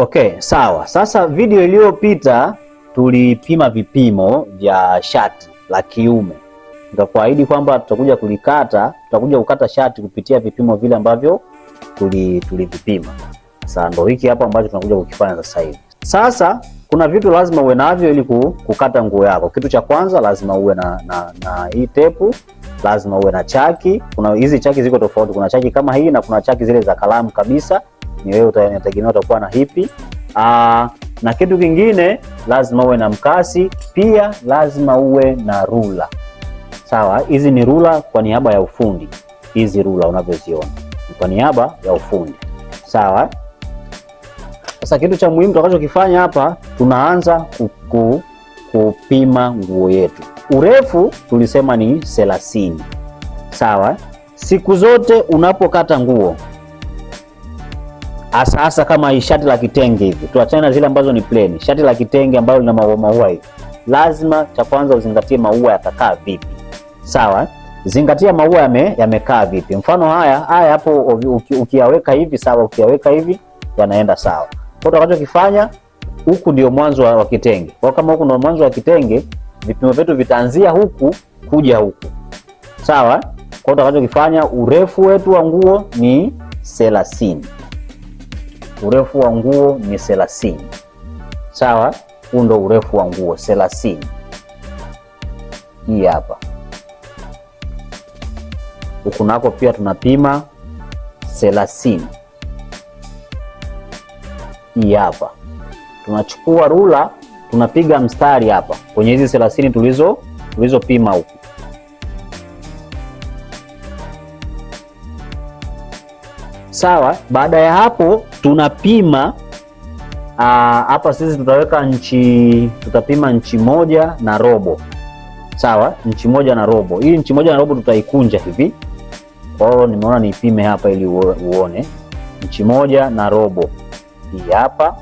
Okay, sawa. Sasa video iliyopita tulipima vipimo vya shati la kiume, nikakuahidi kwamba tutakuja kulikata, tutakuja kukata shati kupitia vipimo vile ambavyo tulivipima tuli sasa ndo hiki hapa ambacho tunakuja kukifanya sasa hivi. Sasa kuna vitu lazima uwe navyo ili kukata nguo yako. Kitu cha kwanza lazima uwe na, na, na hii tepu, lazima uwe na chaki. Kuna hizi chaki ziko tofauti, kuna chaki kama hii na kuna chaki zile za kalamu kabisa ni wewe utategemea utakuwa na hipi. Aa, ah, na kitu kingine lazima uwe na mkasi pia, lazima uwe na rula. Sawa, hizi ni rula kwa niaba ya ufundi. Hizi rula unavyoziona kwa niaba ya ufundi. Sawa. Sasa kitu cha muhimu tutakachokifanya hapa, tunaanza kuku, kupima nguo yetu. Urefu tulisema ni thelathini. Sawa. Siku zote unapokata nguo hasa hasa kama shati la kitenge hivi, tuachane na zile ambazo ni plain. Shati la kitenge ambalo lina maua maua hivi, lazima cha kwanza uzingatie maua yatakaa vipi, sawa. Zingatia maua yame, yamekaa vipi. Mfano haya haya hapo ukiyaweka hivi sawa, ukiyaweka hivi yanaenda sawa. Kwa hiyo utakachokifanya huku ndio mwanzo wa kitenge. Kwa kama huku ndio mwanzo wa kitenge, vipimo vyetu vitaanzia huku kuja huku, sawa. Kwa hiyo utakachokifanya, urefu wetu wa nguo ni 30 urefu wa nguo ni thelathini. Sawa, huu ndo urefu wa nguo thelathini. Hii hapa huku nako pia tunapima thelathini. Hii hapa tunachukua rula, tunapiga mstari hapa kwenye hizi thelathini tulizo tulizopima huku Sawa, baada ya hapo tunapima ah, hapa. Sisi tutaweka nchi, tutapima nchi moja na robo. Sawa, nchi moja na robo. Hii nchi moja na robo tutaikunja hivi, kwa hiyo nimeona niipime hapa ili uone nchi moja na robo hii hapa,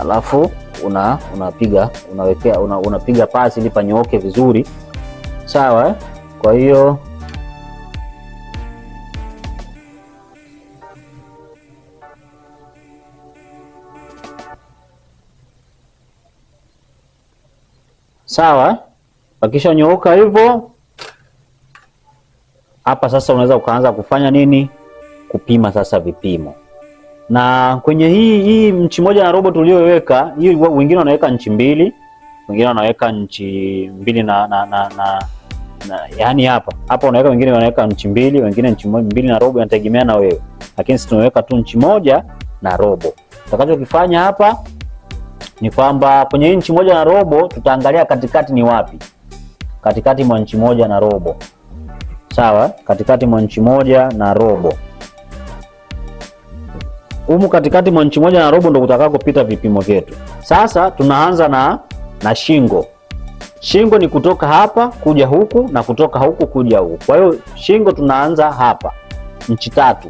alafu una unapiga unawekea unapiga una pasi ili panyooke vizuri. Sawa, kwa hiyo Sawa, nyooka hivyo hapa sasa unaweza ukaanza kufanya nini? Kupima sasa vipimo. Na kwenye hii hii nchi moja na robo tuliyoweka hii, wengine wanaweka nchi mbili, wengine wanaweka nchi mbili na, na, na, na, na yani hapa hapa unaweka, wengine wanaweka nchi mbili, wengine nchi mbili na robo, inategemea na wewe, lakini sisi tumeweka tu nchi moja na robo. Utakachokifanya hapa ni kwamba kwenye inchi moja na robo tutaangalia katikati ni wapi, katikati mwa inchi moja na robo sawa, katikati mwa inchi moja na robo humu katikati mwa inchi moja na robo ndo kupita vipimo vyetu. Sasa tunaanza na na shingo. Shingo ni kutoka hapa kuja huku na kutoka huku kuja huku. Kwa hiyo shingo tunaanza hapa nchi tatu,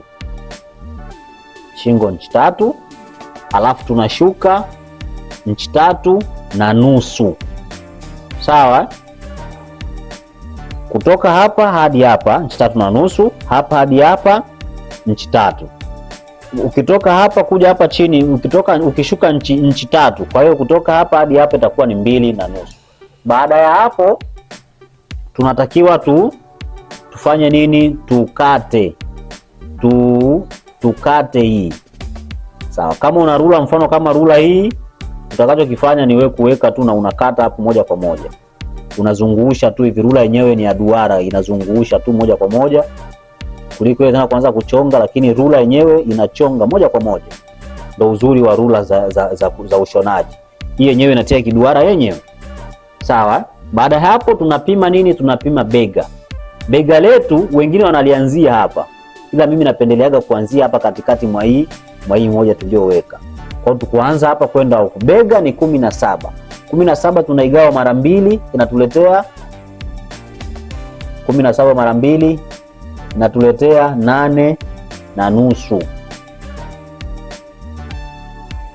shingo nchi tatu, alafu tunashuka nchi tatu na nusu sawa. Kutoka hapa hadi hapa inchi tatu na nusu, hapa hadi hapa nchi tatu. Ukitoka hapa kuja hapa chini, ukitoka ukishuka nchi nchi tatu. Kwa hiyo kutoka hapa hadi hapa itakuwa ni mbili na nusu. Baada ya hapo tunatakiwa tu tufanye nini? Tukate tu, tukate hii sawa. Kama una rula, mfano kama rula hii Utakachokifanya ni wewe kuweka tu na unakata hapo moja kwa moja, unazungusha tu hivi. Rula yenyewe ni ya duara, inazungusha tu moja kwa moja kuliko tena kuanza kuchonga, lakini rula yenyewe inachonga moja kwa moja. Ndo uzuri wa rula za, za, za, za ushonaji. Hii yenyewe inatia kiduara yenyewe, sawa. Baada ya hapo, tunapima nini? Tunapima bega. Bega letu wengine wanalianzia hapa, ila mimi napendeleaga kuanzia hapa katikati mwa hii mwa hii moja tulioweka. Kwa hiyo hapa kwenda huko bega ni kumi na saba. Kumi na saba tunaigawa mara mbili inatuletea kumi na saba mara mbili inatuletea nane na nusu.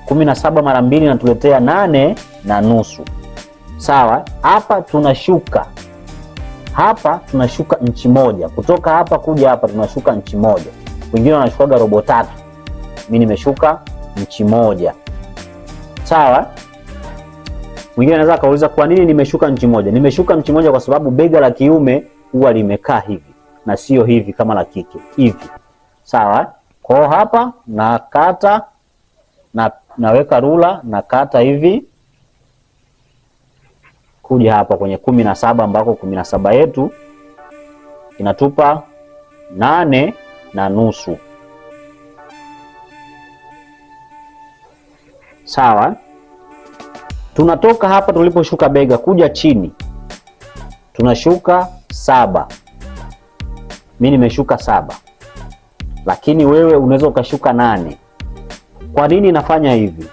Kumi na saba mara mbili inatuletea nane na nusu. Sawa, hapa tunashuka hapa tunashuka nchi moja kutoka hapa kuja hapa, tunashuka nchi moja. Wengine wanashukaga robo tatu, mimi nimeshuka nchi moja. Sawa? Mwingine anaweza akauliza kwa nini nimeshuka nchi moja? Nimeshuka nchi moja kwa sababu bega la kiume huwa limekaa hivi na sio hivi kama la kike. Hivi. Sawa? Kwa hapa nakata na naweka rula nakata hivi kuja hapa kwenye kumi na saba ambako kumi na saba yetu inatupa nane na nusu. sawa. Tunatoka hapa tuliposhuka bega kuja chini, tunashuka saba. Mimi nimeshuka saba, lakini wewe unaweza ukashuka nane. Kwa nini nafanya hivi?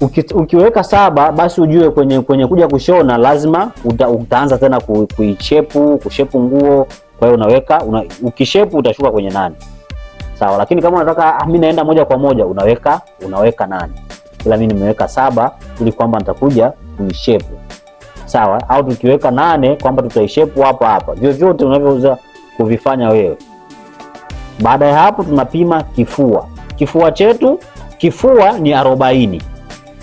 Uki, ukiweka saba basi ujue kwenye, kwenye kuja kushona lazima uta, utaanza tena ku, kuichepu kushepu nguo. Kwa hiyo unaweka una, ukishepu utashuka kwenye nane sawa, lakini kama unataka ah, mimi naenda moja kwa moja unaweka unaweka nane ila mimi nimeweka saba ili kwamba nitakuja kuishepu sawa, au tukiweka nane kwamba tutaishepu hapa hapa, vyovyote unavyoweza kuvifanya wewe. Baada ya hapo, tunapima kifua. Kifua chetu kifua ni arobaini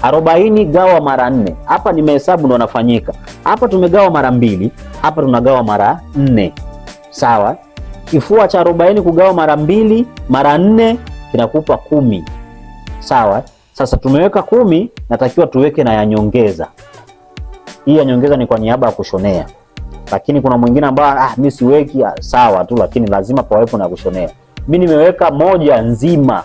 arobaini gawa mara nne. Hapa nimehesabu ndo nafanyika hapa, tumegawa mara mbili, hapa tunagawa mara nne. Sawa, kifua cha arobaini kugawa mara mbili mara nne kinakupa kumi. Sawa, sasa tumeweka kumi, natakiwa tuweke na ya nyongeza. Hii ya nyongeza ni kwa niaba ya kushonea, lakini kuna mwingine ambaye ah, mi siweki, ah, sawa tu, lakini lazima pawepo na kushonea. Mi nimeweka moja nzima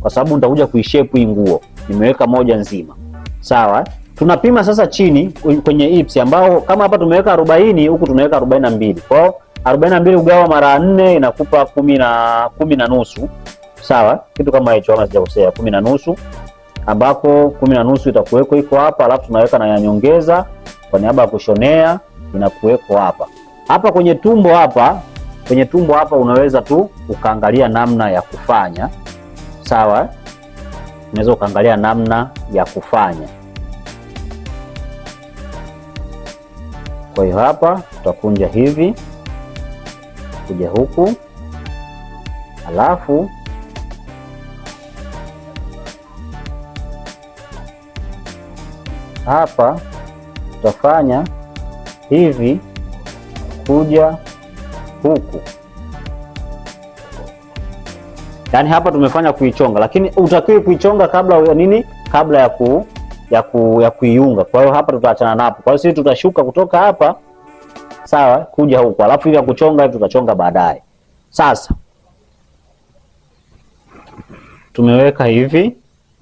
kwa sababu nitakuja kuishepu hii nguo, nimeweka moja nzima. Sawa, tunapima sasa chini kwenye ipsi, ambao kama hapa tumeweka 40 huku tunaweka 42. Kwa hiyo 42 ugawa mara 4 inakupa kumi na kumi na nusu. Sawa, kitu kama hicho, ama sijakosea, kumi na nusu ambapo kumi na nusu itakuweko iko hapa, alafu tunaweka na yanyongeza nyongeza kwa niaba ya kushonea inakuweko hapa hapa kwenye tumbo hapa kwenye tumbo hapa, unaweza tu ukaangalia namna ya kufanya sawa, unaweza ukaangalia namna ya kufanya. Kwa hiyo hapa tutakunja hivi kuja huku alafu Hapa tutafanya hivi kuja huku, yaani hapa tumefanya kuichonga, lakini utakiwi kuichonga kabla ya nini? Kabla ya ku ya, ku, ya kuiunga. Kwa hiyo hapa tutaachana napo. Kwa hiyo sisi tutashuka kutoka hapa sawa, kuja huku, alafu hivi ya kuchonga tutachonga baadaye. Sasa tumeweka hivi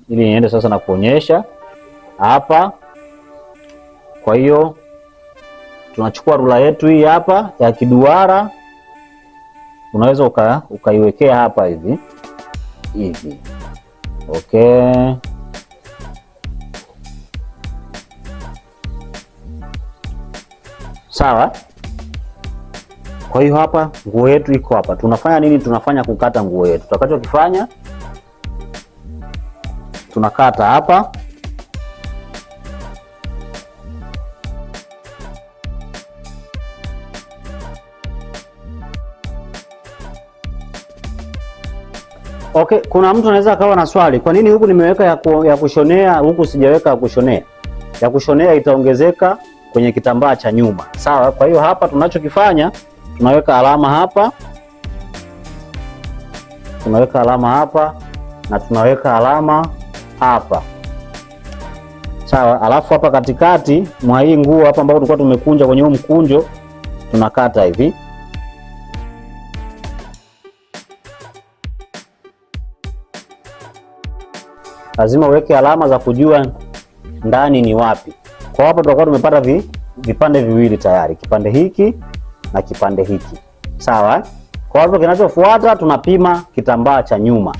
ili niende sasa na kuonyesha hapa kwa hiyo tunachukua rula yetu hii hapa ya kiduara, unaweza uka, ukaiwekea hapa hivi hivi. Okay, sawa. Kwa hiyo hapa nguo yetu iko hapa. Tunafanya nini? Tunafanya kukata nguo yetu. Tutakachokifanya tunakata hapa Okay, kuna mtu anaweza akawa na swali, kwa nini huku nimeweka ya, ku, ya kushonea huku sijaweka ya kushonea? Ya kushonea itaongezeka kwenye kitambaa cha nyuma, sawa. Kwa hiyo hapa tunachokifanya tunaweka alama hapa, tunaweka alama hapa na tunaweka alama hapa, sawa. Alafu hapa katikati mwa hii nguo hapa ambapo tulikuwa tumekunja kwenye huu mkunjo tunakata hivi lazima uweke alama za kujua ndani ni wapi. Kwa hapo tutakuwa tumepata vi, vipande viwili tayari, kipande hiki na kipande hiki, sawa. Eh? Kwa hapo kinachofuata tunapima kitambaa cha nyuma.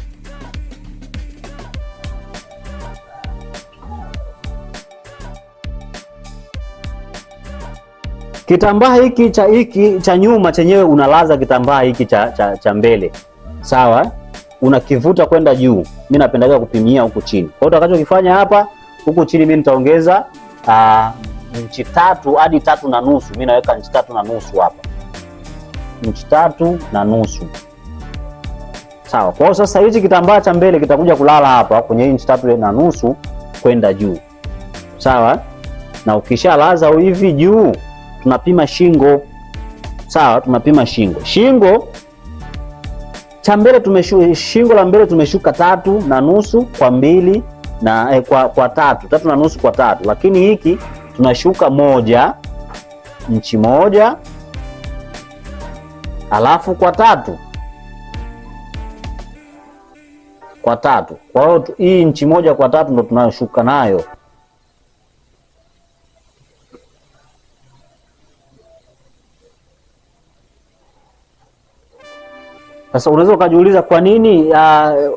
Kitambaa hiki cha hiki cha nyuma chenyewe unalaza kitambaa hiki cha, cha, cha mbele, sawa. Eh? unakivuta kwenda juu. Mimi napendaga kupimia huku chini. Kwa hiyo utakachokifanya hapa huku chini, mimi nitaongeza ah, nchi tatu hadi tatu na nusu. Mimi naweka nchi tatu na nusu hapa, nchi tatu na nusu. Sawa. Kwa hiyo sasa hichi kitambaa cha mbele kitakuja kulala hapa kwenye nchi tatu na nusu kwenda juu, sawa. Na ukishalaza hivi juu, tunapima shingo, sawa. Tunapima shingo, shingo cha mbele tumeshuka, shingo la mbele tumeshuka tatu na nusu kwa mbili na eh, kwa, kwa tatu tatu na nusu kwa tatu, lakini hiki tunashuka moja nchi moja alafu kwa tatu kwa tatu. Kwa hiyo hii nchi moja kwa tatu ndo tunayoshuka nayo. Sasa unaweza ukajiuliza kwa nini uh,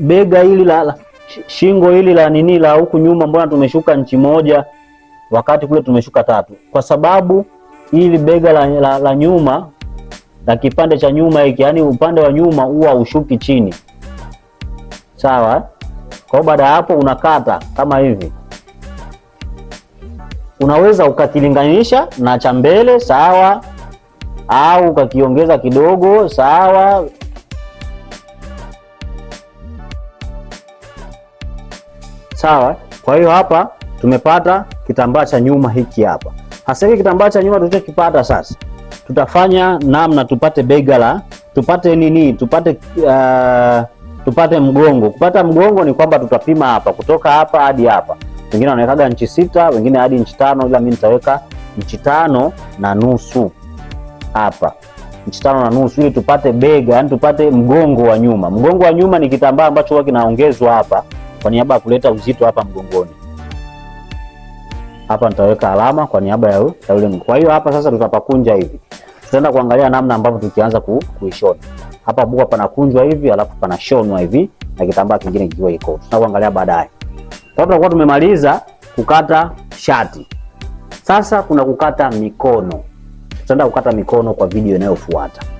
bega hili la, la shingo hili la nini la huku nyuma, mbona tumeshuka nchi moja wakati kule tumeshuka tatu? Kwa sababu hili bega la, la, la nyuma na kipande cha nyuma hiki, yani upande wa nyuma huwa ushuki chini, sawa. Kwa baada ya hapo unakata kama hivi, unaweza ukakilinganisha na cha mbele, sawa au ukakiongeza kidogo, sawa. Sawa. Kwa hiyo hapa tumepata kitambaa cha nyuma hiki hapa. Hasa hiki kitambaa cha nyuma tulichokipata sasa, tutafanya namna tupate bega la tupate nini, tupate uh, tupate mgongo. Kupata mgongo ni kwamba tutapima hapa kutoka hapa hadi hapa. Wengine wanawekaga nchi sita, wengine hadi nchi tano, ila mimi nitaweka nchi tano na nusu hapa inchi tano na nusu ili tupate bega, yani tupate mgongo wa nyuma. Mgongo wa nyuma ni kitambaa ambacho huwa kinaongezwa hapa kwa niaba ya kuleta uzito hapa mgongoni. Hapa nitaweka alama kwa niaba ya ule mguu. Kwa hiyo hapa sasa tutapakunja hivi, tutaenda kuangalia namna ambavyo tukianza ku, kuishona hapa. Buka panakunjwa hivi alafu panashonwa hivi na kitambaa kingine kikiwa iko, kuangalia baadaye. Kwa hiyo tutakuwa tumemaliza kukata shati, sasa kuna kukata mikono tutaenda kukata mikono kwa video inayofuata.